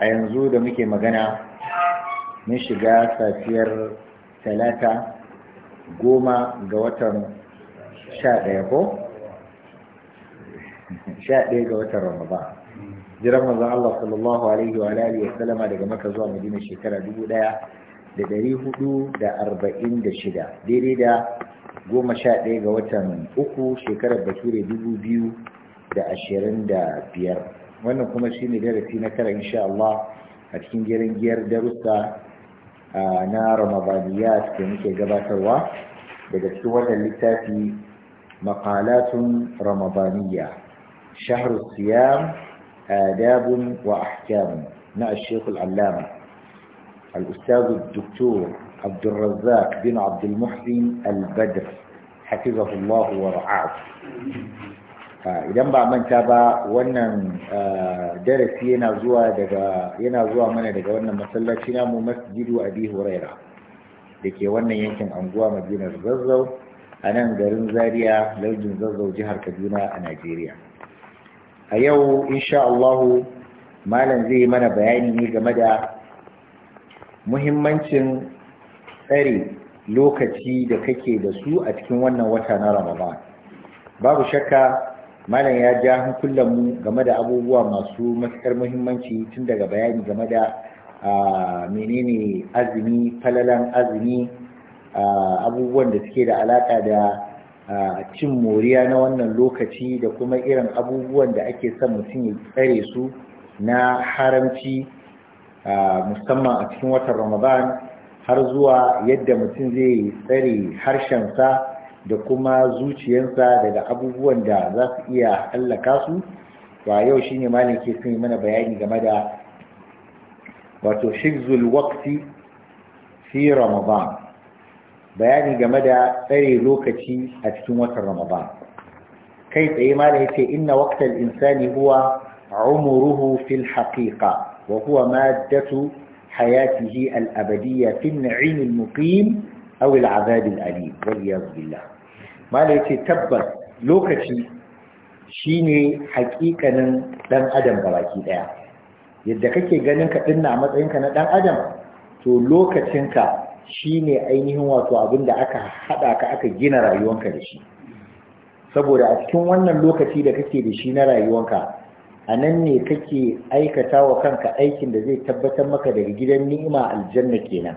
a yanzu da muke magana mun shiga safiyar talata goma ga watan sha ɗaya ko? sha ɗaya ga watan ramadan jiran Allah sallallahu alaihi wa alihi wa sallama daga maka zuwa madina shekara dubu ɗaya da ɗari hudu da arba'in da shida daidai da goma sha ɗaya ga watan uku shekarar bature dubu biyu da ashirin da biyar wannan kuma shi ne darasi na tara insha Allah a cikin jerin giyar darussa na ramadaniyat da muke gabatarwa daga cikin wannan littafi maqalatun ramadaniya shahru siyam adabun wa ahkam na الشيخ العلامة الأستاذ الدكتور عبد الرزاق بن عبد المحسن البدر حفظه الله ورعاه idan ba manta ba wannan darasi yana zuwa daga yana zuwa mana daga wannan masallaci namu masjidu abi huraira da ke wannan yankin anguwa madinar zazzau a nan garin zaria laujin zazzau jihar kaduna a najeriya a yau insha allahu malam zai yi mana bayani ne game da muhimmancin tsare lokaci da kake da su a cikin wannan wata na ramadan babu shakka malam ya ja hankulan mu game da abubuwa masu matuƙar muhimmanci tun daga bayani game da menene azumi falalan azumi abubuwan da suke da alaƙa da cin moriya na wannan lokaci da kuma irin abubuwan da ake son mutum ya tsare su na haramci musamman a cikin watan ramadan har zuwa yadda mutum zai tsare harshensa da kuma zuciyarsa daga abubuwan da za su iya hallaka su ba yau shine malin ke sun yi mana bayani game da wato shigzul waqti fi ramadan bayani game da tsare lokaci a cikin watan ramadan kai tsaye malam yace inna waqtal insani huwa عمره في الحقيقة وهو مادة حياته الأبدية في النعيم المقيم awil al'azab al'alim wal billah mala yace tabbas lokaci shine hakikanin dan adam baki daya yadda kake ganin ka dinna a matsayinka na dan adam to lokacinka shine ainihin wato abin da aka hada ka aka gina rayuwanka da shi saboda a cikin wannan lokaci da kake da shi na rayuwanka a nan ne kake aikata wa kanka aikin da zai tabbatar maka daga gidan ni'ima aljanna kenan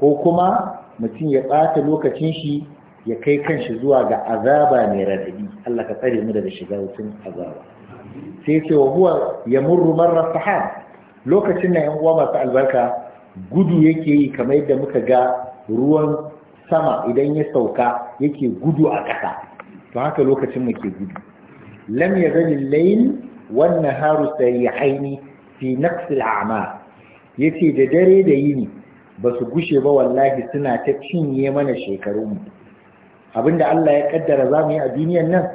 ko kuma mutum ya ɓata lokacin shi ya kai kanshi zuwa ga azaba mai radadi Allah ka tsare mu daga shiga wutan azaba sai ce wa huwa ya murru marra sahab lokacin na yan uwa masu albarka gudu yake yi kamar yadda muka ga ruwan sama idan ya sauka yake gudu a ƙasa to haka lokacin mu ke gudu lam wannan layl wan naharu sayyaini fi naqsil a'mal yace da dare da yini ba su gushe ba wallahi suna ta cinye mana shekarunmu abinda Allah ya kaddara za mu yi a duniyar nan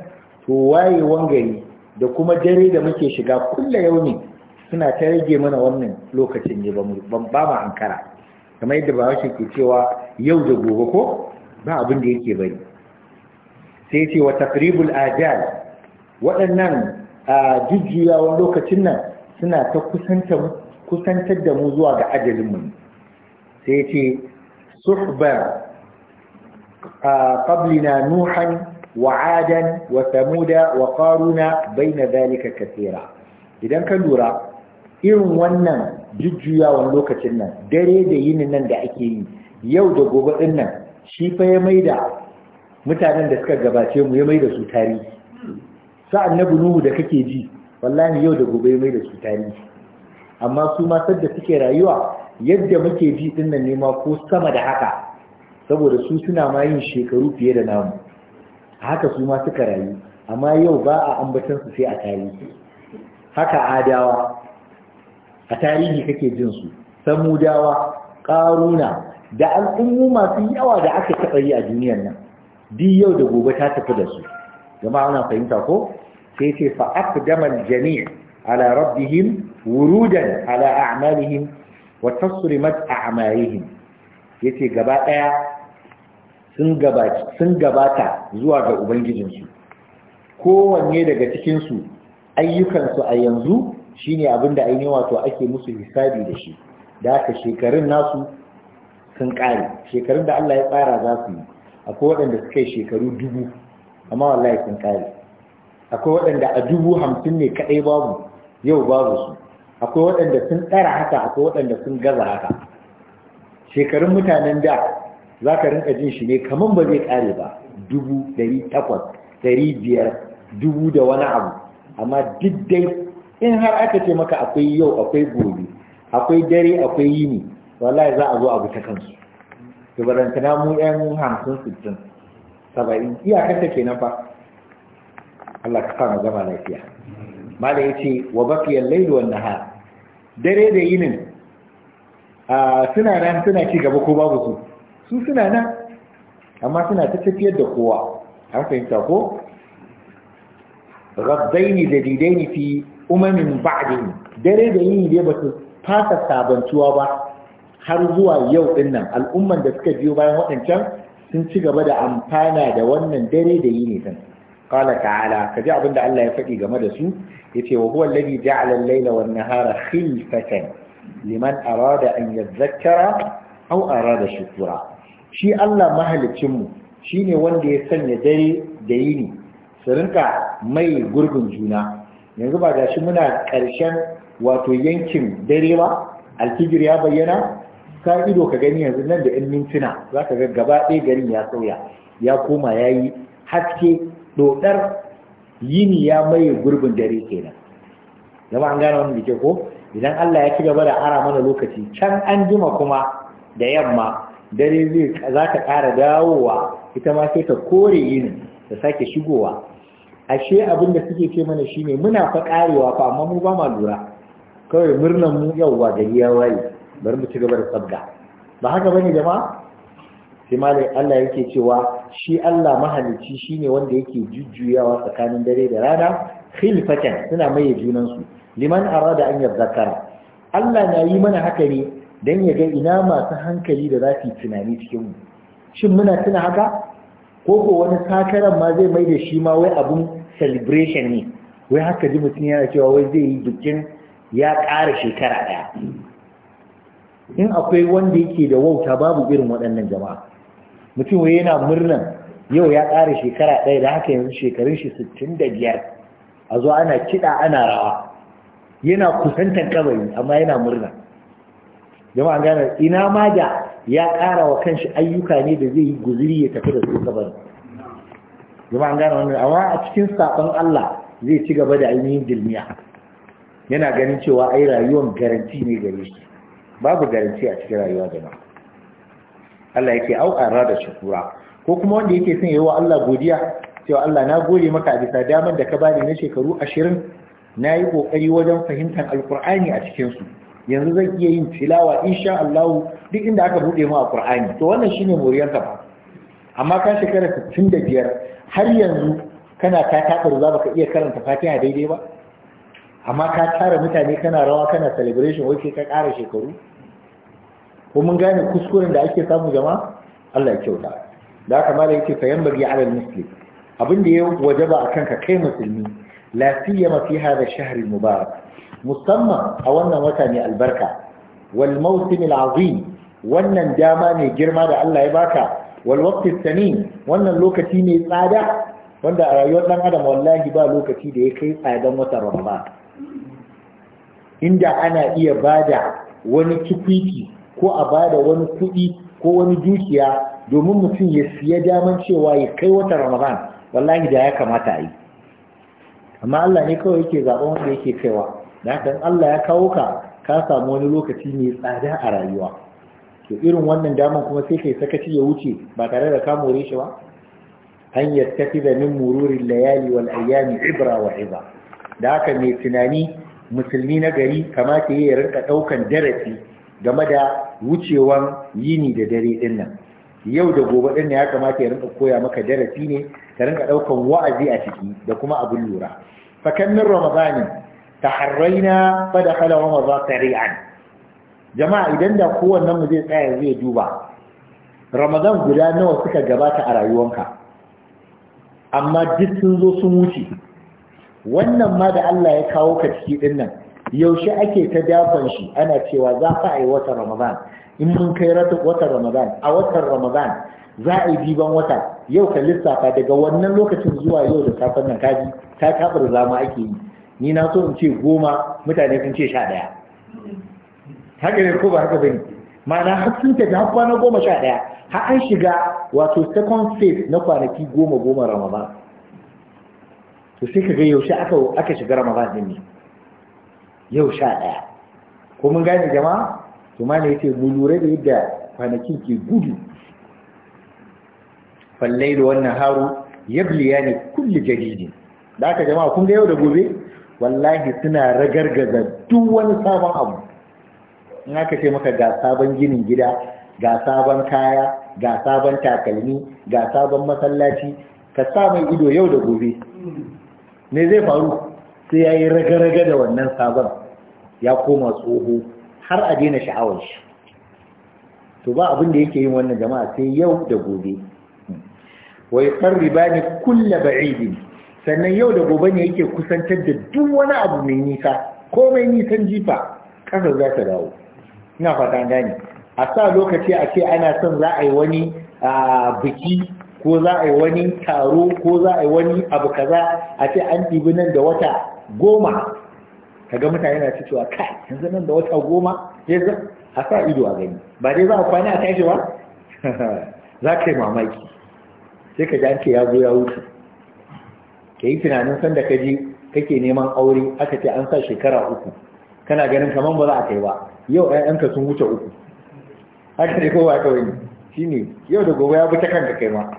to waye gari da kuma dare da muke shiga kulla yauni suna ta rage mana wannan lokacin ne ba mu ankara kamar yadda ba shi ke cewa yau da gobe ko ba abin da yake bari sai ce wa taqribul ajal waɗannan jujjuyawan lokacin nan suna ta kusantar da mu zuwa ga ajalinmu ne sai ce suhbar na nuhan wa adan wa samuda wa bai na zalika kasera idan ka lura irin wannan jujjuyawan lokacin nan dare da yin nan da ake yi yau da gobe ɗin nan shi fa ya maida mutanen da suka gabace mu ya maida su tarihi sa'an annabi nuhu da kake ji wallahi yau da gobe ya maida su tarihi amma su ma sadda suke rayuwa yadda muke ji din nan ne ma ko sama da haka saboda su suna ma yin shekaru fiye da namu haka su ma suka rayu amma yau ba a ambaton su sai a tarihi haka adawa a tarihi kake jin su samudawa karuna da al'ummu masu yawa da aka taɓa yi a duniyar nan di yau da gobe ta tafi da su gama ana fahimta ko sai ce fa aqdama al-jami' ala rabbihim wurudan ala a'malihim wa tasrimat a'malihim yace gaba daya sun gabata sun gabata zuwa ga ubangijinsu kowanne daga cikin su ayyukansu a yanzu shine abinda ainihin wato ake musu hisabi da shi da aka shekarun nasu sun kare shekarun da Allah ya tsara za su yi akwai waɗanda suka yi shekaru dubu amma wallahi sun kare akwai waɗanda a dubu hamsin ne kaɗai babu yau babu su akwai waɗanda sun tsara haka akwai waɗanda sun gaza haka shekarun mutanen da za ka rinka jin shi ne kamar ba zai ƙare ba dubu ɗari takwas ɗari biyar dubu da wani abu amma duk dai in har aka ce maka akwai yau akwai gobe akwai dare akwai yini wallahi za a zo abu ta kansu to barantana mu yan hamsin sittin saba'in iyakarta kenan fa Allah ka sa mu zama lafiya ya yace wa bakiyar lailuwan na haya? dare da yinin suna nan suna ci gaba ko babu su su suna nan amma suna ta tafiyar da kowa an fahimta ko rabbaini da didaini fi umamin ba'din dare da yini dai ba su fasa sabantuwa ba har zuwa yau din nan al'umman da suka biyo bayan waɗancan sun ci gaba da amfana da wannan dare da yini din qala ta'ala kaji abinda Allah ya faɗi game da su yace wa huwa alladhi ja'ala al-layla wan-nahara khilfatan liman arada an yadhakkara aw arada shukura shi Allah mahalicin mu shine wanda ya sanya dare da yini su rinka mai gurbin juna yanzu ba shi muna karshen wato yankin dare ba alfijir ya bayyana ka ido ka gani yanzu nan da in mintuna za ka ga gaba ɗaya garin ya sauya ya koma ya yi haske dodar yini ya maye gurbin dare kenan zama an gane wannan dake ko idan Allah ya ci gaba da ara mana lokaci can an jima kuma da yamma dare zai zaka ƙara dawowa ita ma sai ta kore yini ta sake shigowa ashe abin da suke ce mana shine muna fa karewa fa amma mu ba ma lura kawai murnan mu yauwa gari ya waye bari mu ci gaba da tsabga ba haka bane jama'a sai malai Allah yake cewa shi Allah mahalicci shine wanda yake jujjuyawa tsakanin dare da rana khilfatan suna maye junansu liman arada an Zakara. Allah na yi mana haka ne dan ya ga ina masu hankali da za su tunani cikin mu shin muna tuna haka ko ko wani sakaran ma zai mai da shi ma wai abun celebration ne wai haka ji mutum yana cewa wai zai yi bikin ya ƙara shekara ɗaya in akwai wanda yake da wauta babu irin waɗannan jama'a mutum wai yana murnan yau ya ƙara shekara ɗaya da haka yanzu shekarun shi sittin da biyar a zo ana kiɗa ana rawa yana kusantan kabari amma yana murna jama'a gane ina ma da ya ƙara wa kanshi ayyuka ne da zai yi guziri ya tafi da su kabari jama'a gane wannan amma a cikin saɓon Allah zai ci gaba da ainihin dilmiya yana ganin cewa ai rayuwar garanti ne gare shi babu garanti a cikin rayuwa jama'a Allah yake au da shukura ko kuma wanda yake son yayi wa Allah godiya cewa Allah na gode maka a bisa damar da ka bani na shekaru 20 nayi kokari wajen fahimtar alqur'ani a cikin su yanzu zan iya yin tilawa insha Allah duk inda aka bude mu a to wannan shine moriyar ka ba amma ka shekara 65 har yanzu kana ta takar za baka iya karanta Fatiha daidai ba amma ka tara mutane kana rawa kana celebration wai ka kara shekaru ko mun gane kuskuren da ake samu zama? Allah ya kyauta da haka malai yake fayan bari ala muslim abin da ya wajaba akan ka kai musulmi la siyama fi hada shahr mubarak musamman a wannan wata ne albarka wal mawsim al azim wannan dama ne girma da Allah ya baka wal waqti sanin wannan lokaci ne tsada wanda a rayuwar dan adam wallahi ba lokaci da ya kai tsadan wata ramadan inda ana iya bada wani cikiki ko a ba da wani kuɗi ko wani dukiya domin mutum ya siya daman cewa ya kai wata ramadan wallahi da ya kamata a yi amma Allah ne kawai yake zaɓen wanda yake kaiwa da haka Allah ya kawo ka ka samu wani lokaci mai tsada a rayuwa to irin wannan daman kuma sai kai sakaci ya wuce ba tare da ka more shi ba an da min mururi layali wal ayami ibra wa iza da haka mai tunani musulmi na gari kamata ya rinka daukan darasi game da wucewan yini da dare din nan yau da gobe din ya kamata ya rinka koya maka darasi ne ka rinka ɗaukan wa'azi a ciki da kuma abin lura fa kan min ramadani taharraina fa dakhala ramadan sari'an jama'a idan da kowannen mu zai tsaya zai duba ramadan guda nawa suka gabata a rayuwanka amma duk sun zo sun wuce wannan ma da Allah ya kawo ka ciki din nan yaushe ake ta dafan shi ana cewa za fa a yi watan ramadan in mun kai watan ramadan a watan ramadan za a yi diban wata yau ka lissafa daga wannan lokacin zuwa yau da safen nan kaji ta kafar zama ake yi ni na so in ce goma mutane sun ce sha ɗaya haka ne ko ba haka bane ma'ana har sun tafi har kwana goma sha ɗaya har an shiga wato second phase na kwanaki goma goma ramadan to sai ka ga yaushe aka shiga ramadan din ne yau sha ɗaya ko mun gane jama'a to ma ne yace mu lura da yadda kwanakin ke gudu fallai da wannan haru yabliya ne kulle jadidin da aka jama'a kun ga yau da gobe wallahi suna ragargaza duk wani sabon abu in aka ce maka ga sabon ginin gida ga sabon kaya ga sabon takalmi ga sabon masallaci ka sa mai ido yau da gobe me zai faru sai ya yi raga-raga da wannan sabon ya koma tsoho har a daina sha'awar shi to ba abin da yake yin wannan jama'a sai yau da gobe wai qarriba kullu ba'idin sannan yau da gobe ne yake kusantar da duk wani abu mai nisa komai nisan jifa kasar za ta dawo ina fata gane a sa lokaci a ce ana son za a yi wani biki ko za a yi wani taro ko za a yi wani abu kaza a ce an ɗibi nan da wata goma Ka ga mutane na ci cewa kai yanzu nan da wata goma yanzu a sa ido a gani ba dai za a kwana a tashi ba za ka yi mamaki sai ka ji ya zo ya wuce ka yi tunanin sanda ka ji kake neman aure aka ce an sa shekara uku kana ganin kamar ba za a kai ba yau ɗayanka sun wuce uku haka ne kowa kawai ne shi ne yau da gobe ya bi ta kanka kai ma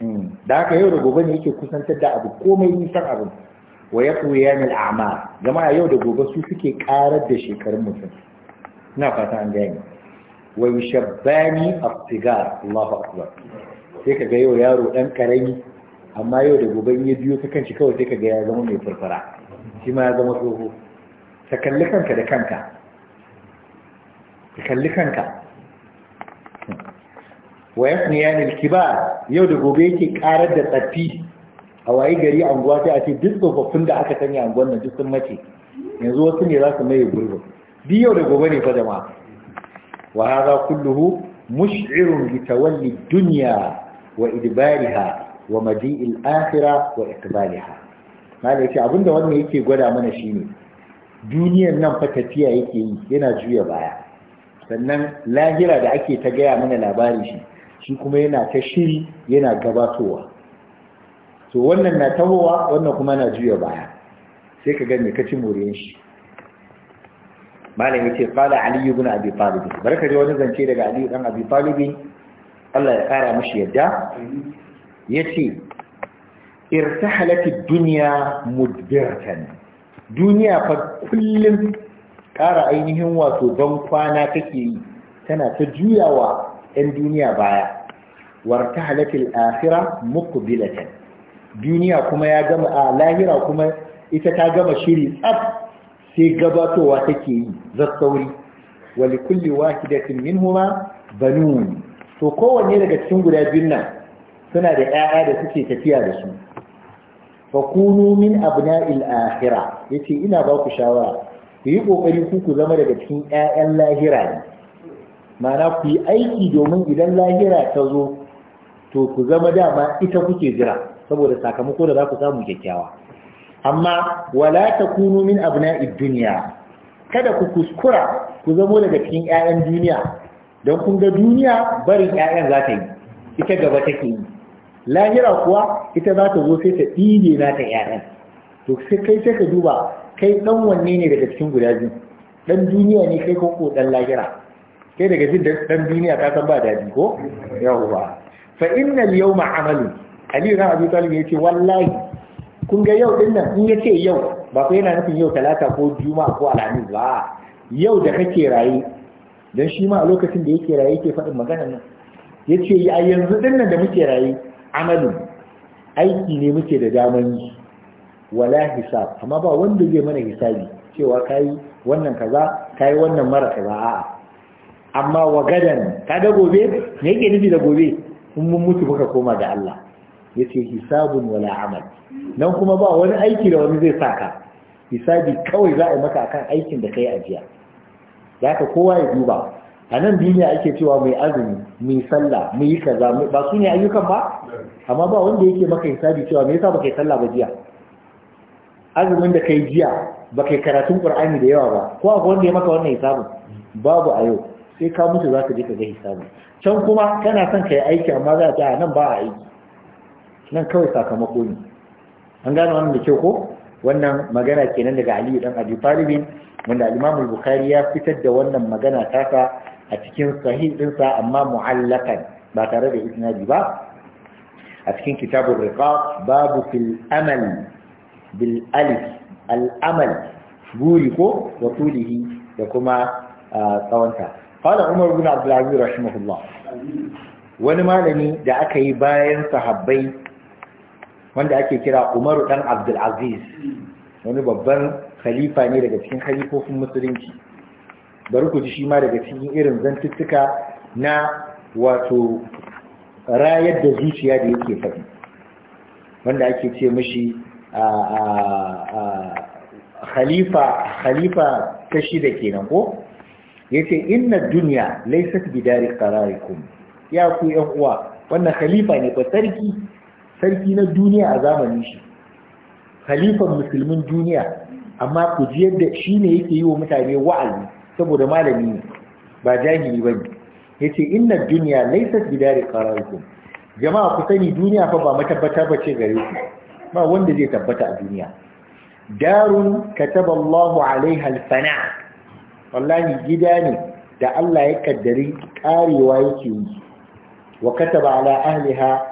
hmm. da haka yau da gobe ne yake kusantar da abu komai nisan abin wa yaqwiyan al'amal jama'a yau da gobe su suke karar da shekarun mutum ina fata an gane wa yushabbani a sigar Allahu akbar sai kaga yau yaro dan karami amma yau da gobe in ya biyo ta kan shi kawai sai kaga ya zama mai furfura shi ma ya zama tsoho ka kalli kanka da kanka ka kalli kanka wa yaqwiyan al-kibar yau da gobe yake karar da tsaffi a waye gari anguwa ta ce duk tsofaffin da aka sanya anguwan nan duk sun mace yanzu wasu ne za su maye gurbin duk yau da gobe ne fa jama'a wa hadha kulluhu mush'irun bi tawalli dunya wa idbariha wa madi'il akhirah wa iqbaliha malai ce abinda wannan yake gwada mana shine duniyar nan fa tafiya yake yi yana juya baya sannan lahira da ake ta gaya mana labari shi shi kuma yana ta shiri yana gabatowa to wannan na tahowa wannan kuma na juya baya sai ka gani ka ci muriyan shi malam yace qala ali ibn abi talib barka da wani zance daga ali dan abi talib Allah ya kara mishi yadda yace irtahalat ad-dunya mudbiratan duniya fa kullum kara ainihin wato ban kwana take yi tana ta juyawa 'yan duniya baya wartahalat al-akhirah muqbilatan duniya kuma ya gama a lahira kuma ita ta gama shiri tsab sai gabatowa take yi zassauri wali kulli wahidatin minhuma banun to kowanne daga cikin guda biyun nan suna da ƴaƴa da suke tafiya da su fa kunu min abna'il akhirah yace ina ba ku shawara ku yi kokari ku ku zama daga cikin ƴaƴan lahira ne ma'ana ku yi aiki domin idan lahira ta zo to ku zama dama ita kuke jira saboda sakamako da za ku samu kyakkyawa amma wala takunu min abna'id dunya kada ku kuskura ku zamo daga cikin ƴaƴan duniya don kun ga duniya barin ƴaƴan za ta yi ita gaba take yi lahira kuwa ita za ta zo sai ta ɗige na ta ƴaƴan to sai kai sai ka duba kai ɗan wanne ne daga cikin guda biyu ɗan duniya ne kai ko ɗan lahira kai daga jin ɗan duniya ka san ba daɗi ko yawwa fa innal yawma amalu aliyu na Abu Talib ya ce wallahi kun ga yau din in ya ce yau ba ku yana nufin yau talata ko juma'a ko alhamis ba yau da kake raye don shi ma a lokacin da yake raye yake faɗin magana nan yace a yanzu din da muke raye amalin aiki ne muke da daman yi wala hisab amma ba wanda zai mana hisabi cewa kai wannan kaza kai wannan mara kaza a'a amma wagadan kaga gobe me yake nufi da gobe in mun mutu muka koma ga Allah Yake hisabun wala amal nan kuma ba wani aiki da wani zai saka hisabi kawai za a yi maka akan aikin da kai a jiya zaka kowa ya duba a nan duniya ake cewa mai azumi mai sallah mai yi kaza ba su ne ayyukan ba amma ba wanda yake maka hisabi cewa me yasa baka yi sallah ba jiya azumin da kai jiya baka yi karatun qur'ani da yawa ba ko akwai wanda ya maka wannan hisabin babu a yau sai ka mutu zaka je ka ga hisabin can kuma kana son ka yi aiki amma za a nan ba a aiki nan kawai sakamako ne an gane wannan da kyau ko wannan magana kenan daga Aliyu dan Abi Talib wanda imam bukhari ya fitar da wannan magana tasa a cikin sahih dinsa amma mu'allakan ba tare da isnadi ba a cikin kitabur riqaq babu fil amal bil alif al amal buri ko wa tulihi da kuma tsawonta qala Umar ibn Abdul Aziz rahimahullah wani malami da aka yi bayan sahabbai wanda ake kira umaru dan abdulaziz wani babban khalifa ne daga cikin khalifofin musulunci bari ku ji shi ma daga cikin irin zantuttuka na wato rayar da zuciya da yake faɗi wanda ake ce mashi khalifa khalifa ta shida kenan ko yace inna dunya laysat bidari qararikum ya ku yan uwa wannan khalifa ne ba sarki sarki na duniya a zamanin shi khalifan musulmin duniya amma ku ji yadda shi ne yake yi wa mutane wa'azi saboda malami ne ba jahili ba ne ya ce inna duniya laisat bidari qararikum jama'a ku sani duniya fa ba matabbata ba ce gare ku ba wanda zai tabbata a duniya darun kataballahu Allahu alaiha al wallahi gida ne da Allah ya kaddari karewa yake yi wa kataba ala ahliha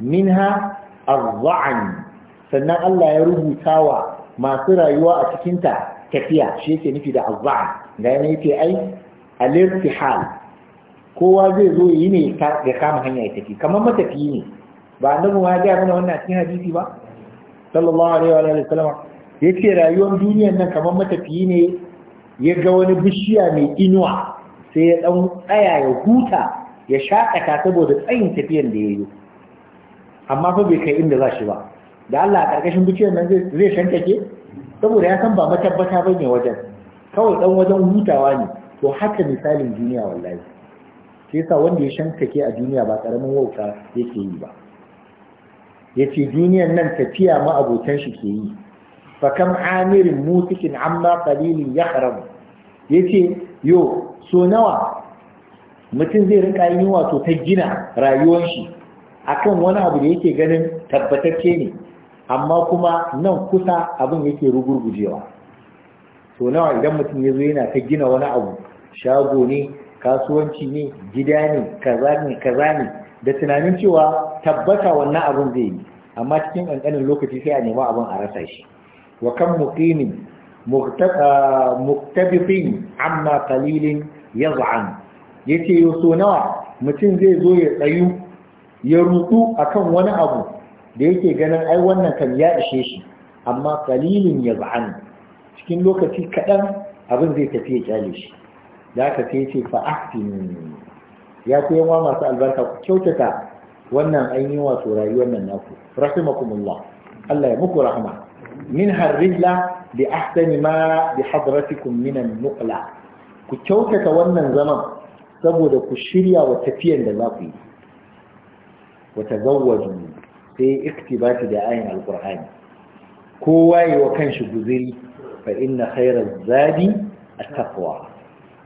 minha ar sannan Allah ya rubuta wa masu rayuwa a cikin ta tafiya shi yake nufi da ar-ra'an ga yana yake ai al-irtihal kowa zai zo yi ne ya kama hanya ya tafi kamar matafiyi ne ba annabi ma ya mana wannan cikin hadisi ba sallallahu alaihi wa sallam yace rayuwar duniyar nan kamar matafiyi ne ya ga wani bishiya mai inuwa sai ya dan tsaya ya huta ya shaƙata saboda tsayin tafiyar da ya yi amma fa bai kai inda za shi ba da Allah a ƙarƙashin bishiyar nan zai shankake saboda ya san ba matabbata ba ne wajen kawai ɗan wajen hutawa ne to haka misalin duniya wallahi shi yasa wanda ya shankake a duniya ba ƙaramin wauta yake yi ba ya ce duniyan nan tafiya ma'abotan shi ke yi fa kam amirin mutikin amma qalilin ya haram ya ce yo so nawa mutum zai rinka yin wato ta gina rayuwar shi akan wani abu da yake ganin tabbatacce ne amma kuma nan kusa abin yake rugurgujewa to nawa idan mutum ya zo yana ta gina wani abu shago ne kasuwanci ne gida ne kaza ne kaza ne da tunanin cewa tabbata wannan abin zai yi amma cikin ƙanƙanin lokaci sai a nema abin a rasa shi wa kan muqimin muktabifin amma qalilin yaz'an yace yo so nawa mutum zai zo ya tsayu ya rudu akan wani abu da yake ganin ai wannan kan ya ishe shi amma kalilin ya ba'an cikin lokaci kaɗan abin zai tafi ya kyale shi da aka sai ce fa'afin ya ce yawa masu albarka ku kyautata wannan ainihin wato rayuwar nan naku rahimakumullah Allah ya muku rahma min harrilla bi ahsani ma bi hadratikum min an-nuqla ku kyautata wannan zaman saboda ku shirya wa tafiyan da za ku yi wa tazawwaju sai iktibati da ayin alqur'ani kowa yi wa kanshi guziri fa inna khairaz zadi at-taqwa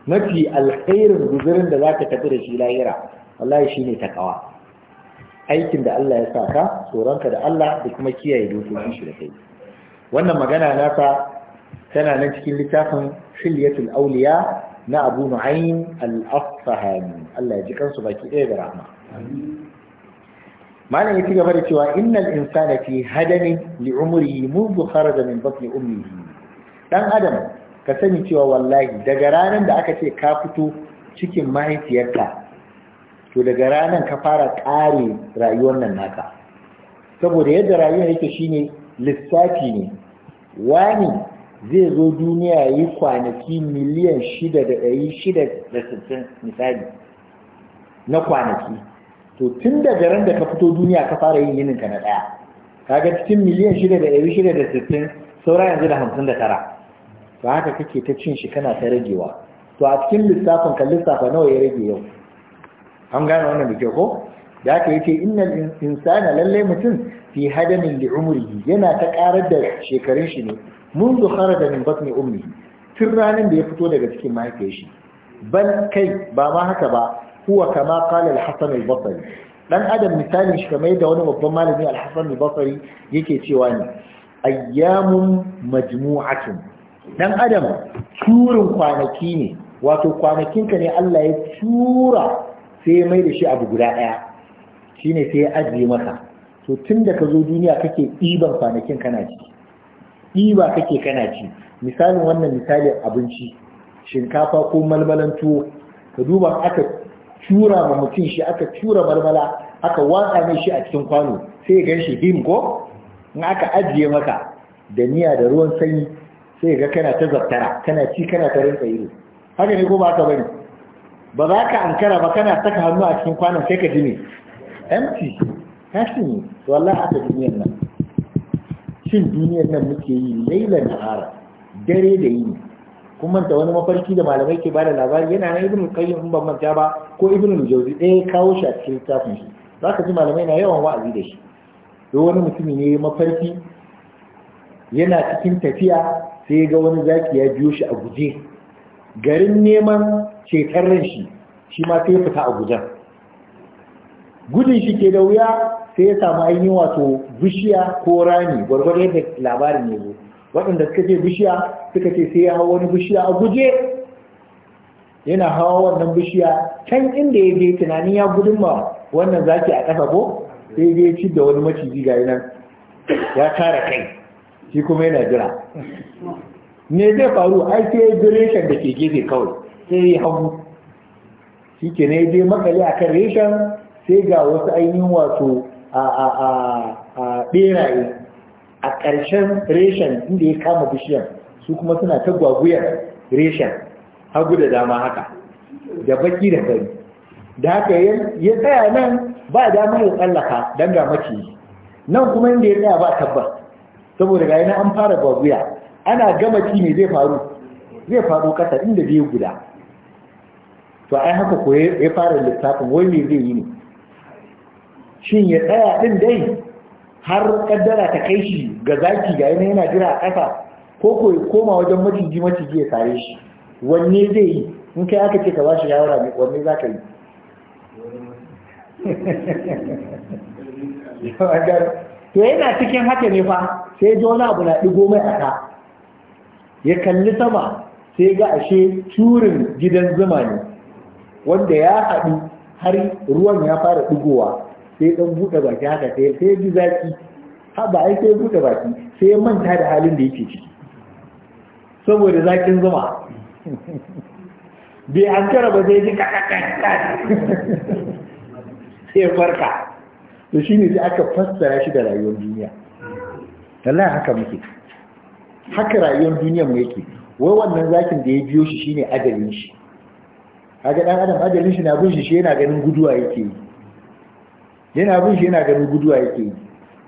mafi alkhairin guzirin da zaka tafi da shi lahira wallahi shine taqwa aikin da Allah ya sa ka, tsoronka da Allah da kuma kiyaye dokokin shi da kai wannan magana nasa tana nan cikin littafin Hilyatul Auliya na Abu Nu'aym al Allah ya ji kansu baki ɗaya da rahma malam ya ci da cewa innal insana fi hadani li umrihi mundu kharaja min batni ummihi dan adam ka sani cewa wallahi daga ranar da aka ce ka fito cikin mahaifiyarka to daga ranar ka fara kare rayuwar nan naka saboda yadda rayuwar yake shine lissafi ne wani zai zo duniya ya yi kwanaki miliyan shida da ɗari shida da sittin misali na kwanaki to tun daga ran da ka fito duniya ka fara yin yinin ka na daya kaga cikin miliyan shida da ɗari shida da sittin saura yanzu da hamsin da tara to haka kake ta cin shi kana ta ragewa to a cikin lissafin ka lissafa nawa ya rage yau an gane wannan da kyau ko da aka haka yake innan insana lallai mutum fi hadamin li umrihi yana ta karar da shekarun shi ne Mun منذ da min بطن ummi tun ranar da ya fito daga cikin mahaifiyar shi ban kai ba ma haka ba huwa kama qala al-hasan al-basri dan adam misali shi kamar da wani babban malami al-hasan al-basri yake cewa ne ayyamun majmu'atun dan adam turin kwanaki ne wato kwanakinka ne Allah ya tura sai mai da shi abu guda daya shine sai ya ajiye maka to tunda ka zo duniya kake ɗiban kwanakin kana ci kake kana ci misalin wannan misalin abinci shinkafa ko malmalan tuwo ka duba aka cura ma mutum shi aka cura marmala aka watsa mai shi a cikin kwano sai ya gan shi him ko in aka ajiye maka da niya da ruwan sanyi sai ga kana ta zaftara kana ci kana ta rinka ido haka ne ko ba ka bane ba za ka ankara ba kana saka hannu a cikin kwanon sai ka ji empty kashi ne wallahi aka duniyar nan shin duniyar nan muke yi laila nahara dare da yini kun manta wani mafarki da malamai ke bada labari yana na ibn qayyim in ban manta ba ko ibn al-jawzi ɗaya kawo shi a cikin littafin shi zaka ji malamai na yawan wa'azi da shi to wani mutumi ne mafarki yana cikin tafiya sai ga wani zaki ya biyo shi a guje garin neman ceton ran shi shi ma sai ya fita a gujen gudun shi ke da wuya sai ya samu ainihin wato bishiya ko rami gwargwado yadda labarin ya zo waɗanda suka ce bishiya suka ce sai ya hau wani bishiya a guje yana hawa wannan bishiya can inda ya je tunanin ya gudun ma wannan zaki a ƙasa ko sai ya ci da wani maciji ga nan ya tara kai shi kuma yana jira ne zai faru ai sai reshen da ke gefe kawai sai ya hagu shi ke ne je makale a kan reshen sai ga wasu ainihin wato a ɓeraye. a ƙarshen reshen inda ya kama bishiyan su kuma suna ta gwaguyar reshen hagu da dama haka da baki da gari da haka ya tsaya nan ba damar ya tsallaka don ga mace nan kuma inda ya tsaya ba tabbas saboda ga an fara gwaguya, ana gama ci ne zai faru zai faru kasar inda zai guda to ai haka ko ya fara littafin wai zai yi ne shin ya tsaya din dai har kaddara ta kai shi ga zaki ga yana yana jira a ƙasa ko ko ya koma wajen maciji maciji ya sare shi wanne zai yi in kai aka ce ka ba shi shawara ne wanne za ka yi to yana cikin haka ne fa sai ji wani abu na ɗigo mai a ya kalli sama sai ga ashe turin gidan zuma ne wanda ya haɗu har ruwan ya fara ɗigowa sai dan buɗe baki haka sai sai ji zaki ha ba ai sai buɗe baki sai ya manta da halin da yake ciki saboda zakin zuma bai hankara ba zai ji kakakakak sai farka to shine sai aka fassara shi da rayuwar duniya Allah haka muke haka rayuwar duniya mu yake wai wannan zakin da ya biyo shi shine ajalin shi kaga dan adam ajalin shi na bin shi shi yana ganin guduwa yake yi yana bin shi yana ganin guduwa yake yi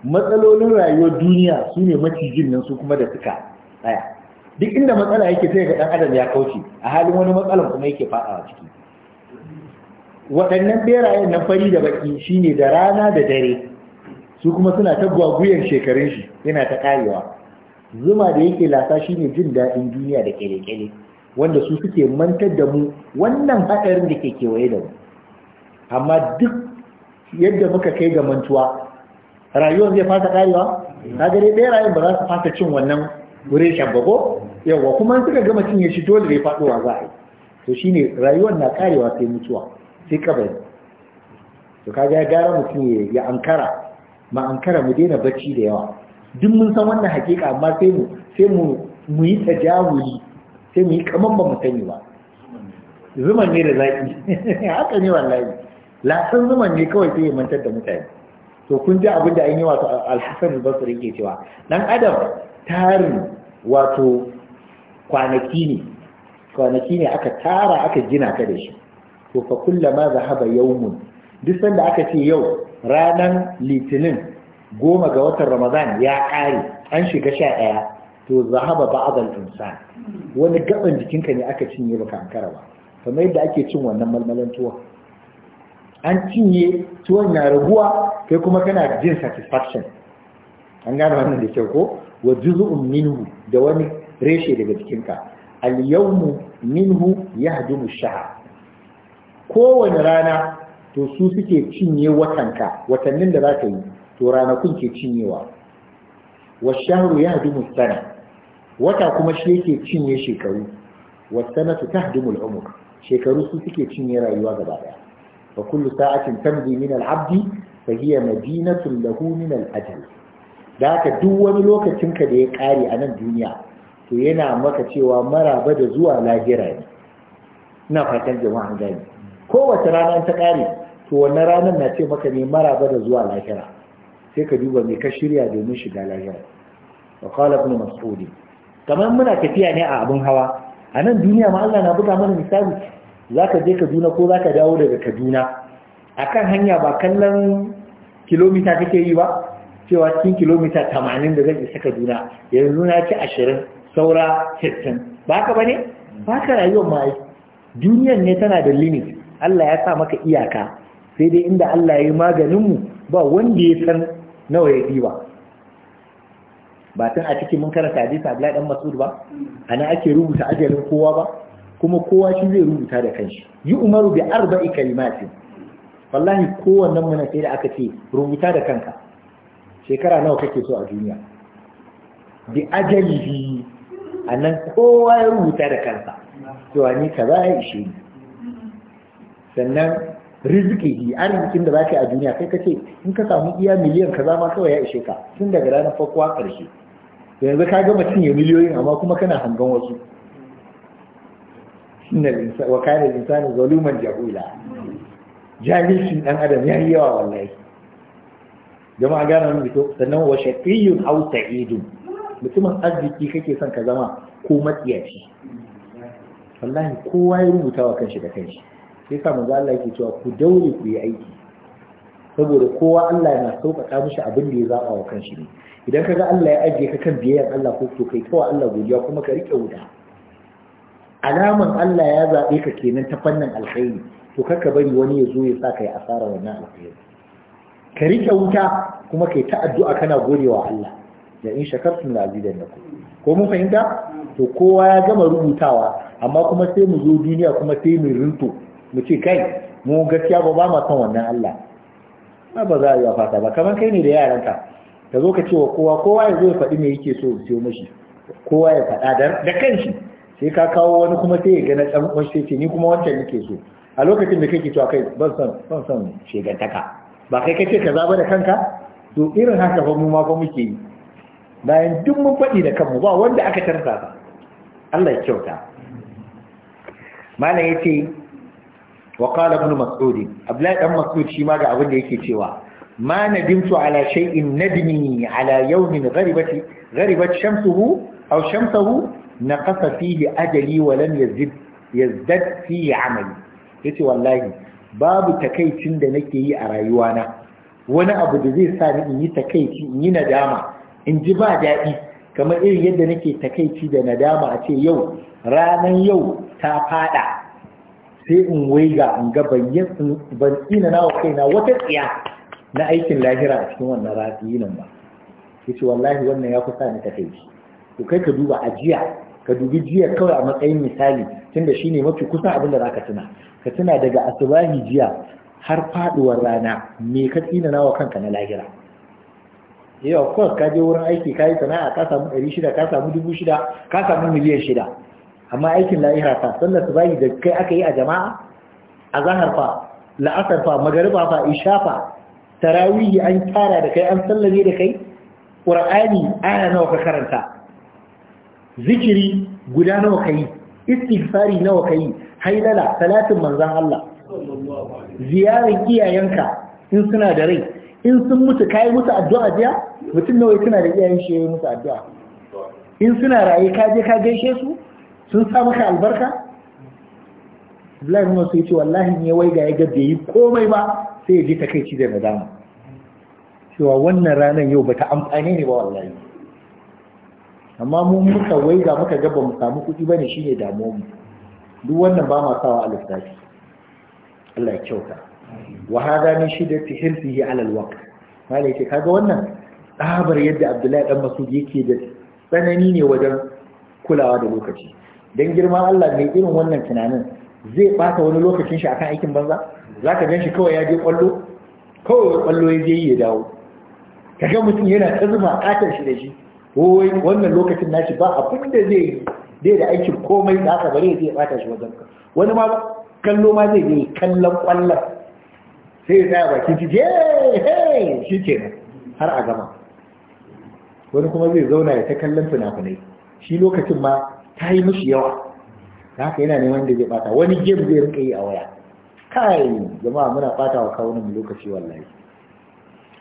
matsalolin rayuwar duniya su ne macijin nan su kuma da suka tsaya duk inda matsala yake sai ga dan adam ya kauce a halin wani matsalan kuma yake a ciki waɗannan berayen nan fari da baki shine da rana da dare su kuma suna ta gwaguyar shekarun shi yana ta karewa zuma da yake lasa shine jin daɗin duniya da kyale-kyale wanda su suke mantar da mu wannan haɗarin da ke kewaye da mu amma duk yadda muka kai ga mantuwa rayuwar zai fasa karewa na gare ɗaya rayuwar ba za su fasa cin wannan wurin ba Yawwa, yawa kuma suka gama cinye shi dole zai faɗowa za a yi to shine rayuwar na karewa sai mutuwa sai kabari to ka ga gara mutum ya ankara ma ankara mu daina bacci da yawa duk mun san wannan hakika amma sai mu sai mu mu yi tajawuli sai mu yi kaman ba mu sani ba zuman ne da zaki haka ne wallahi lasan zuman ne kawai sai ya mantar da mutane to kun ji abin da an yi wato alhassan basri yake cewa dan adam tarin wato kwanaki ne kwanaki ne aka tara aka gina ka da shi to fa kullama zahaba yawmun duk sanda aka ce yau ranan litinin goma ga watan ramadan ya ƙare an shiga sha ɗaya to zahaba ba'adal insan wani gaban jikinka ne aka cinye baka ankara ba kamar yadda ake cin wannan malmalan an cinye tuwon na raguwa kai kuma kana jin satisfaction an gane wannan da kyau ko wa juz'un minhu da wani reshe daga ka al yawmu minhu yahdumu shahr kowane rana to su suke cinye watanka watannin da za ka yi to rana kun ke cinyewa wa shahru yahdumu sana wata kuma shi yake cinye shekaru wa sanatu tahdumu al umr shekaru su suke cinye rayuwa gaba daya fa kullu sa'atin tamzi min al-abdi fa hiya madinatun lahu min da haka duk wani lokacin ka da ya kare a nan duniya to yana maka cewa maraba da zuwa lahira ne ina fatan jama'a gani kowace rana ta kare to wannan ranar na ce maka ne maraba da zuwa lahira sai ka duba mai ka shirya domin shiga lahira wa qala ibn mas'ud kamar muna tafiya ne a abin hawa a nan duniya ma Allah na buga mana misali za ka je kaduna ko za ka dawo daga kaduna a kan hanya ba kallon kilomita kake yi ba cewa cikin kilomita tamanin da zan isa kaduna yanzu na ci ashirin saura sittin ba ka ba ne ba ka rayuwar ma'ai duniyar ne tana da limit allah ya sa maka iyaka sai dai inda allah ya yi maganinmu ba wanda ya san nawa ya ba ba tun a cikin mun karanta hadisi Abdullahi dan Mas'ud ba ana ake rubuta ajalin kowa ba kuma kowa shi zai rubuta da kanshi yi umaru bi arba'i kalimatin wallahi kowannen mu sai da aka ce rubuta da kanka shekara nawa kake so a duniya bi ajalihi annan kowa ya rubuta da kansa cewa ni kaza ya ishe ni sannan riziki rikin da zaka yi a duniya kai kace in ka samu iya miliyan kaza ma kawai ya ishe ka tun daga ranar farko a ƙarshe yanzu ka ga mutum ya miliyoyin amma kuma kana hangon wasu wa kana insanu zaluman jahula jahilcin dan adam ya yi yawa wallahi jama'a gane wani mito sannan wa shaqiyyun aw sa'idun mutumin arziki kake son ka zama ko matsiyaci wallahi kowa ya rubuta wa kanshi da kanshi sai sa manzo Allah yake cewa ku daure ku yi aiki saboda kowa Allah yana sauƙaƙa mishi abin da ya zaɓa wa kanshi ne idan ka ga Allah ya ajiye ka kan biyayyar Allah ko to kai kawai Allah godiya kuma ka riƙe wuta alaman Allah ya zaɓe ka kenan ta fannin alkhairi to kaka bari wani ya zo ya sa ka yi asara wannan alkhairi ka rike wuta kuma kai ta addu'a kana godewa Allah da in shakartum la azidannakum ko mun fahimta to kowa ya gama rubutawa amma kuma sai mu zo duniya kuma sai mu rinto mu ce kai mu gaskiya ba ba ma son wannan Allah ba ba za a yi wa fata ba kamar kai ne da yaranka ka zo ka ce wa kowa kowa ya zo ya faɗi me yake so ya siyo mashi kowa ya faɗa da kanshi sai ka kawo wani kuma sai ya gana ɗan uwan sai ce ni kuma wancan nake so a lokacin da kake cewa kai ban san ban san shegantaka ba kai kace ka ba da kanka to irin haka fa mu ma fa muke yi bayan duk mun faɗi da kanmu ba wanda aka tarsa ba Allah ya kyauta malam yace wa qala ibn mas'ud abdullahi dan mas'ud shi ma ga abin da yake cewa ma nadimtu ala shay'in nadmi ala yawmin gharibat gharibat shamsuhu aw shamsuhu naqasa fihi ajali walan lam yazid yazdad fihi amali yace wallahi babu takaicin da nake yi a rayuwana wani abu da zai sa ni in yi takaici in nadama in ji ba daɗi kamar irin yadda nake takaici da nadama a ce yau ranan yau ta faɗa, sai in waiga in ga ban tsina na kaina wata tsiya na aikin lahira a cikin wannan ranar nan ba yace wallahi wannan ya kusa ni takaici to kai ka duba a jiya. ka dubi jiya kawai a matsayin misali tunda shine mafi kusa abin da zaka tuna ka tuna daga asubahi jiya har faduwar rana me ka tsina nawa kanka na lahira eh of course ka je wurin aiki ka yi sana'a ka samu 600 ka samu 6000 ka samu miliyan 6 amma aikin lahira fa sallar asubahi da kai aka yi a jama'a a zahar fa la'asar fa magariba fa isha fa tarawihi an tara da kai an sallame da kai qur'ani ana nawa ka karanta zikiri guda nawa kai istighfari nawa kai haidala salatin manzon Allah ziyarar iyayenka in suna da rai in sun mutu kai musu addu'a jiya mutum nawa suna da iyayen shi musu addu'a in suna raye ka je ka gaishe su sun sa maka albarka Allah ya so yace wallahi ne wai ga yaga bai yi komai ba sai ya je takeici da nadama cewa wannan ranar yau bata amfane ne ba wallahi amma mu muka waiga muka ga ba mu samu kuɗi bane shine damuwar mu duk wannan ba ma sawa a lissafi Allah ya kyauta wa hada min shiddati hirsihi ala alwaq malai ce kaga wannan tsabar yadda Abdullahi dan Masud yake da tsanani ne wajen kulawa da lokaci dan girman Allah mai irin wannan tunanin zai bata wani lokacin shi akan aikin banza zaka gan shi kawai ya je kwallo kawai kwallo ya je ya dawo kaga mutum yana ta a katar shi da shi wai wannan lokacin nashi ba abin da zai zai da aikin komai da aka bare zai bata shi wajen ka wani ma kallo ma zai yi kallon kwallon sai ya ba bakin ci je hey shi kenan har a gama wani kuma zai zauna ya ta kallon fina-finai shi lokacin ma ta yi mashi yawa da haka yana neman da zai bata wani game zai rinka yi a waya kai jama'a muna bata wa kawunan lokaci wallahi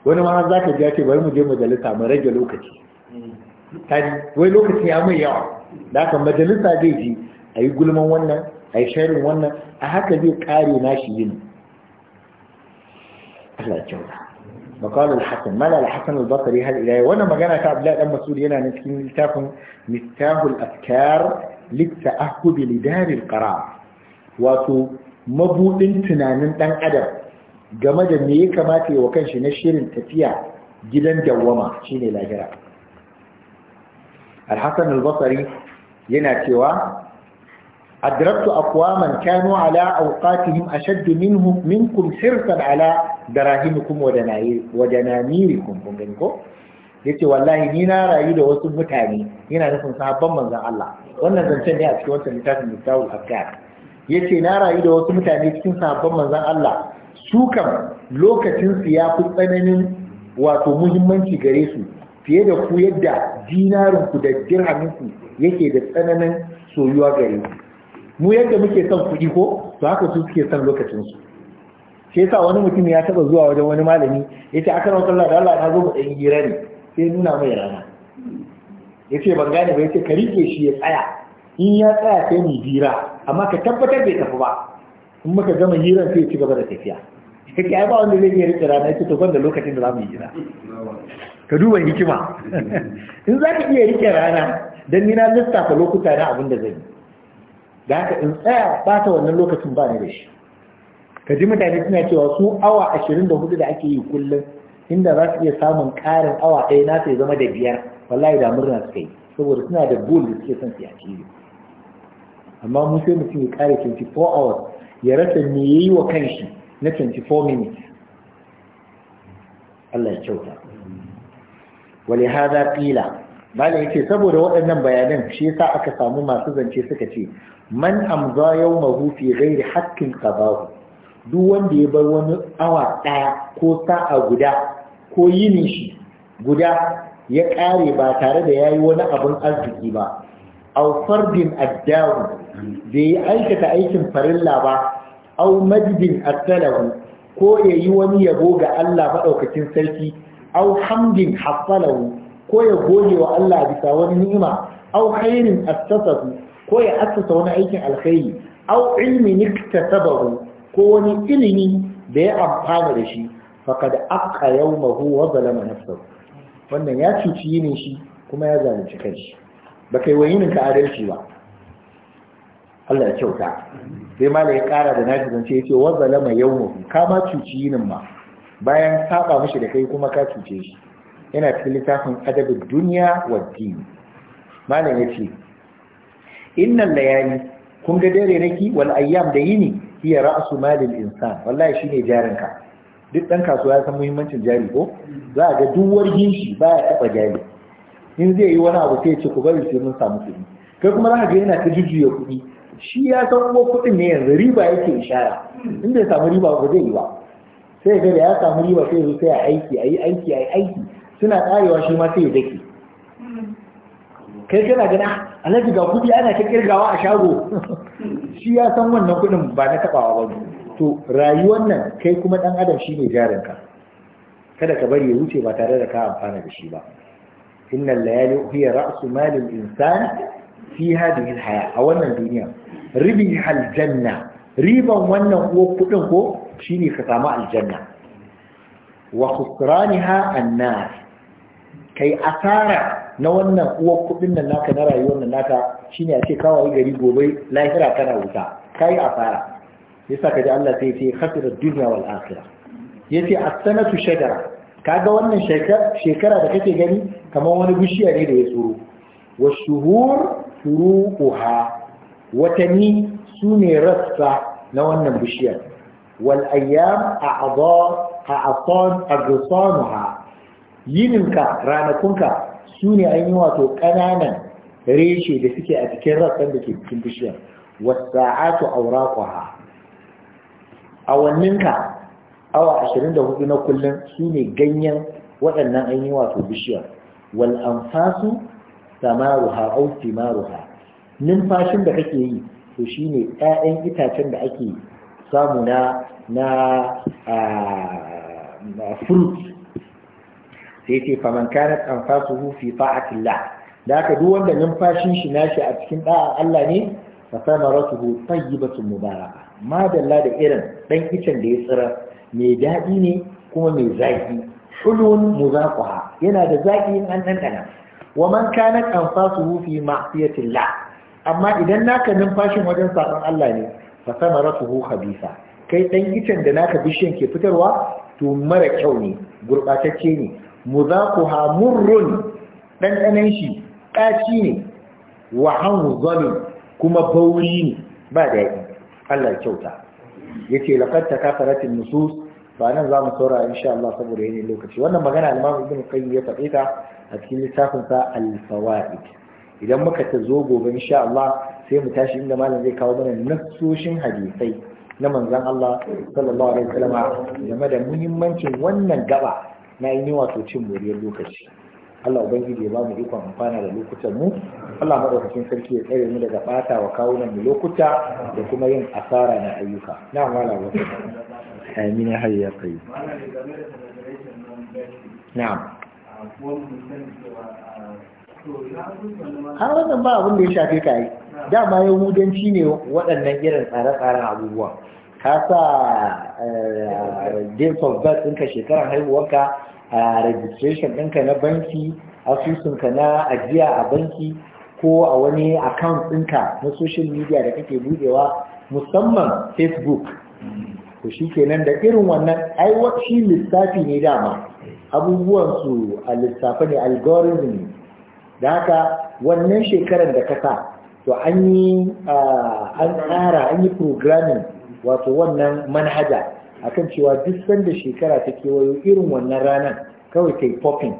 wani ma za ka ce bari mu je majalisa mu rage lokaci wai lokacin ya mai yawa da haka majalisa zai ji a yi gulman wannan a yi sharin wannan a haka zai kare nashi yin Allah kyau da makawar alhassan mana alhassan albasari har ilayi wanda magana ta abu ɗan masudu yana na cikin littafin mistahul afkar litta aku bi lidarin wato mabuɗin tunanin ɗan adam game da me ya kamata yi wa kanshi na shirin tafiya gidan dawwama shine lahira. lahira al-hasan al-basri yana cewa adraktu aqwaman kanu ala awqatihim ashadd minhum minkum hirsan ala darahimikum wa dananirikum kun gani ko yace wallahi ni na rayu da wasu mutane yana nufin sahabban manzon Allah wannan zancen ne a cikin wannan littafin Mustawul Afkar yace na rayu da wasu mutane cikin sahabban manzon Allah su kam lokacin su ya fi tsananin wato muhimmanci gare su fiye da ku yadda dinarinku da dirhaminku yake da tsananin soyuwa gare ku mu yadda muke son kuɗi ko to haka su suke son lokacinsu sai yasa wani mutum ya taba zuwa wajen wani malami ya ce akan wakan Allah Allah na zo mu ɗan hira ne sai nuna mai rana ya ce ban gane ba ya ce ka rike shi ya tsaya in ya tsaya sai mu hira amma ka tabbatar bai tafi ba in muka gama hiran sai ya ci gaba da tafiya kake ai ba wanda zai iya rike rana ya ce to ban da lokacin da za mu yi hira ka duba hikima in za ka iya rike rana don nina lissafa lokuta na abin da zai yi da haka in tsaya bata wannan lokacin ba ni da shi ka ji mutane suna cewa su awa ashirin da hudu da ake yi kullum inda za su iya samun ƙarin awa ɗaya na sai zama da biyar wallahi da murna suka yi saboda suna da goal da suke son su yi amma mu sai mutum ya kare 24 hours ya rasa me yi wa kanshi na 24 minutes Allah ya kyauta wale haza qila malam ce saboda waɗannan bayanan shi yasa aka samu masu zance suka ce man amza yawmahu fi ghairi hakkin qadahu duk wanda ya bar wani awa ɗaya ko sa'a guda ko yini shi guda ya ƙare ba tare da yayi wani abin arziki ba au fardin bai da ya aikata aikin farilla ba au majdin attalahu ko yi wani yabo ga Allah maɗaukacin sarki aw hamdin hasalahu ko ya goge wa Allah bisa wani ni'ima aw khairin astasahu ko ya assasa wani aikin alkhairi aw ilmin iktasabahu ko wani ilimi da ya amfana da shi faqad aqa yawmahu wa zalama nafsahu wannan ya cuci yinin shi kuma ya zalunci kanshi ba kai ka adalci ba Allah ya kyauta sai ma ya kara da naji zance ya ce wa zalama yawmahu kama cuci yinin ma bayan saba mashi da kai kuma ka cuce shi yana cikin littafin adabin duniya wa dini malam yace innan layali kun ga dare raki wal ayyam da yini hiya ra'su malil insan wallahi shine jarin ka duk dan kasuwa ya san muhimmancin jari ko za a ga duk wargin shi baya taba jari in zai yi wani abu sai ya ce ku bari sai mun samu kuɗi kai kuma za ka ga yana ta jujjuya kuɗi shi ya san kuma kuɗin ne yanzu riba yake ishara in bai samu riba ba zai yi ba sai ga da ya samu riba sai zo sai aiki a aiki ayi aiki suna karewa shi ma sai ya dake kai kana gana ah, alhaji ga kudi ana ta kirgawa a shago shi ya san wannan kudin ba na tabawa ba to rayuwar nan kai kuma dan adam shi ne jarinka kada ka bari ya wuce ba tare da ka amfana da shi ba innal layali hiya ra'su malil insan fi hadhihi alhaya a wannan duniya ribi janna, riban wannan ko kudin ko ne ka samu aljanna wa khusraniha annar kai asara na wannan uwar kudin nan naka na rayuwar nan naka shine a ce kawai gari gobe lahira kana wuta yi asara yasa ji Allah sai ce khasira duniya wal Ya yace a sanatu Ka kaga wannan shekara da kake gani kamar wani bishiya ne da ya tsoro wa shuhur furuquha watanni sune rassa na wannan bishiyar wal ayyam a'dha a'atan yininka ranakunka sune an yi wato kananan reshe da suke a cikin rassan da ke cikin bishiyar wasa'atu awraquha awanninka awa 24 na kullun sune ganyen waɗannan an wato bishiyar wal anfasu samaruha aw thimaruha numfashin da kake yi to shine 'ya'yan itacen da ake samu na na fruit sai ce faman kanat anfasuhu fi ta'atillah da haka duk wanda numfashin shi nashi a cikin da'a Allah ne fa samaratuhu tayyibatun mubaraka madalla da irin ɗan kicin da ya tsira mai daɗi ne kuma mai zaki hulun muzaquha yana da zaƙi in an ɗanɗana wa man kanat anfasuhu fi ma'siyatillah amma idan naka numfashin wajen sakon Allah ne fa samaratuhu khabisa kai dan gicen da naka bishiyan ke fitarwa to mara kyau ne gurbatacce ne muzaquha murrun dan danan shi ɗaci ne wa hanzalun kuma bauri ne ba da Allah ya kyauta yace laqad takafaratin nusus ba nan za mu saura insha Allah saboda yanayin lokaci wannan magana al-Imam Ibn Qayyim ya faɗe ta a cikin littafin sa al-Fawaid idan muka ta zo gobe insha Allah sai mu tashi inda malam zai kawo mana nassoshin hadisai na manzon Allah sallallahu alaihi wasallam game da muhimmancin wannan gaba na yi wato cin moriyar lokaci Allah ubangiji ya ba mu ikon amfana da lokutan mu Allah madaukakin sarki ya tsare mu daga bata wa kawunan mu lokuta da kuma yin asara na ayyuka na wala wata amin har ya kai na'am ah, har wannan ba abin da ya shafe ka yi dama yahudanci ne waɗannan irin tsare-tsaren abubuwa ka sa eh, date of birth ɗinka shekarar haihuwarka a registration ɗinka na banki asusunka na ajiya a banki ko a wani account ɗinka na social media da kake budewa musamman facebook ko shi kenan da irin wannan aiwaci lissafi ne dama su a lissafi ne algorithm da haka wannan shekarar da ka sa to an yi an tsara an yi programming wato wannan manhaja akan cewa duk sanda shekara ta kewayo irin wannan ranar kawai kai popping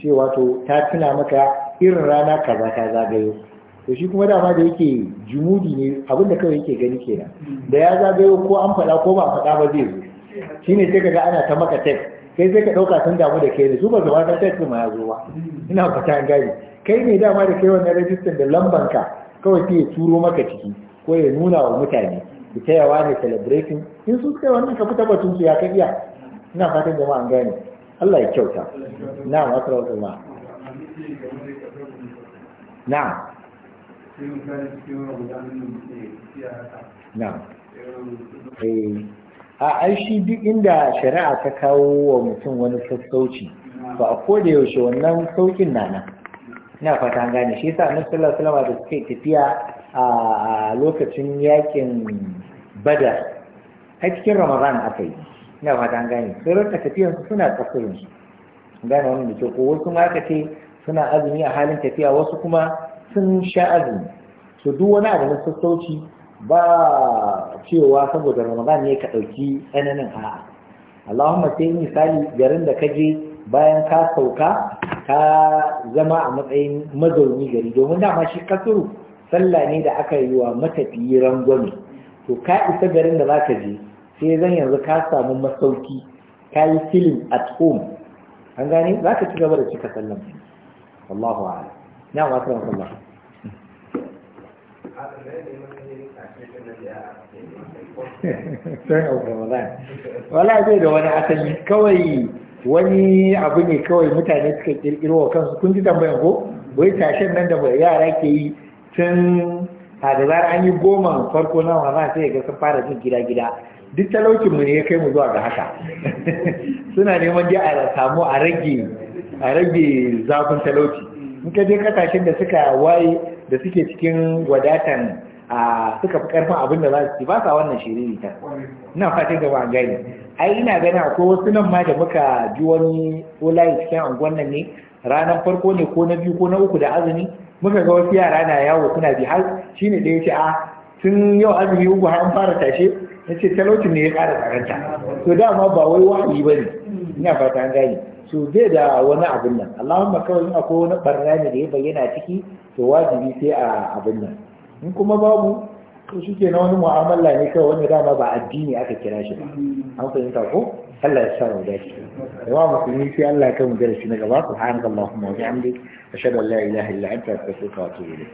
ce wato ta tuna maka irin rana kaza ka zagayo to shi kuma dama da yake jumudi ne abinda kawai yake gani kenan da ya zagayo ko an faɗa ko ba faɗa ba zai zo shine sai kaga ana ta maka text kai zai ka ɗauka sun damu da kai ne su ba ta tafi ma ya zo ba ina fata an gane kai ne dama da kai wannan rajistan da lamban ka kawai sai turo maka ciki ko ya nuna wa mutane su tayawa ne celebrating in su suka wannan ka fita batun su ya ka iya ina fatan jama'a an Allah ya kyauta Na masu kuma ma. Na. eh a ai shi duk inda shari'a ta kawo wa mutum wani sassauci ba a koda yaushe wannan saukin na nan ina fata gane shi yasa annabi sallallahu alaihi wasallam da suke tafiya a lokacin yakin bada a cikin ramadan aka yi ina fata gane sai ranka tafiyan su suna tsakirin su gane wani mutum ko wasu ma aka ce suna azumi a halin tafiya wasu kuma sun sha azumi to duk wani abu na sassauci ba cewa saboda ramadan ne ka ɗauki tsananin a allahumma sai misali garin da kaje bayan ka sauka ka zama a matsayin mazauni gari domin dama shi kasuru sallah ne da aka yi wa matafiyi rangwame to ka isa garin da zaka je sai zan yanzu ka samu masauki ka yi filin at home an gane za ka ci gaba da cika sallan Allahu a'ala na wasu Allah sai auka wala wala zai da wani asali kawai wani abu ne kawai mutane suka kirkiro wa kansu kun ji tambayan ko wai tashen nan da yara ke yi tun a da zara an yi goma farko na wana sai ga sun fara jin gida gida duk talaucin mu ne ya kai mu zuwa ga haka suna neman dai a samu a rage a rage zafin talauci in ka je kasashen da suka waye da suke cikin wadatan a suka fi karfin abin da za su ba sa wannan shiriri ta ina fatan gaba gani ai ina ganin akwai wasu nan ma da muka ji wani ko layi cikin anguwan nan ne ranar farko ne ko na biyu ko na uku da azumi muka ga wasu yara na yawo suna bi har shine da yace a tun yau azumi uku har an fara tashe ce talaucin ne ya ƙara tsaranta to dama ba wai wa'ayi bane ina fata an gani su zai da wani abin nan allahumma kawai in akwai wani barna ne da ya bayyana ciki to wajibi sai a abin nan in kuma babu to shi na wani mu'amala ne kawai wani dama ba addini aka kira shi ba an fahimta ko Allah ya sa da shi yawa musulmi sai Allah ya kai mu darasi na gaba subhanallahu wa bihamdihi ashhadu an la ilaha illa anta astaghfiruka wa atubu ilayk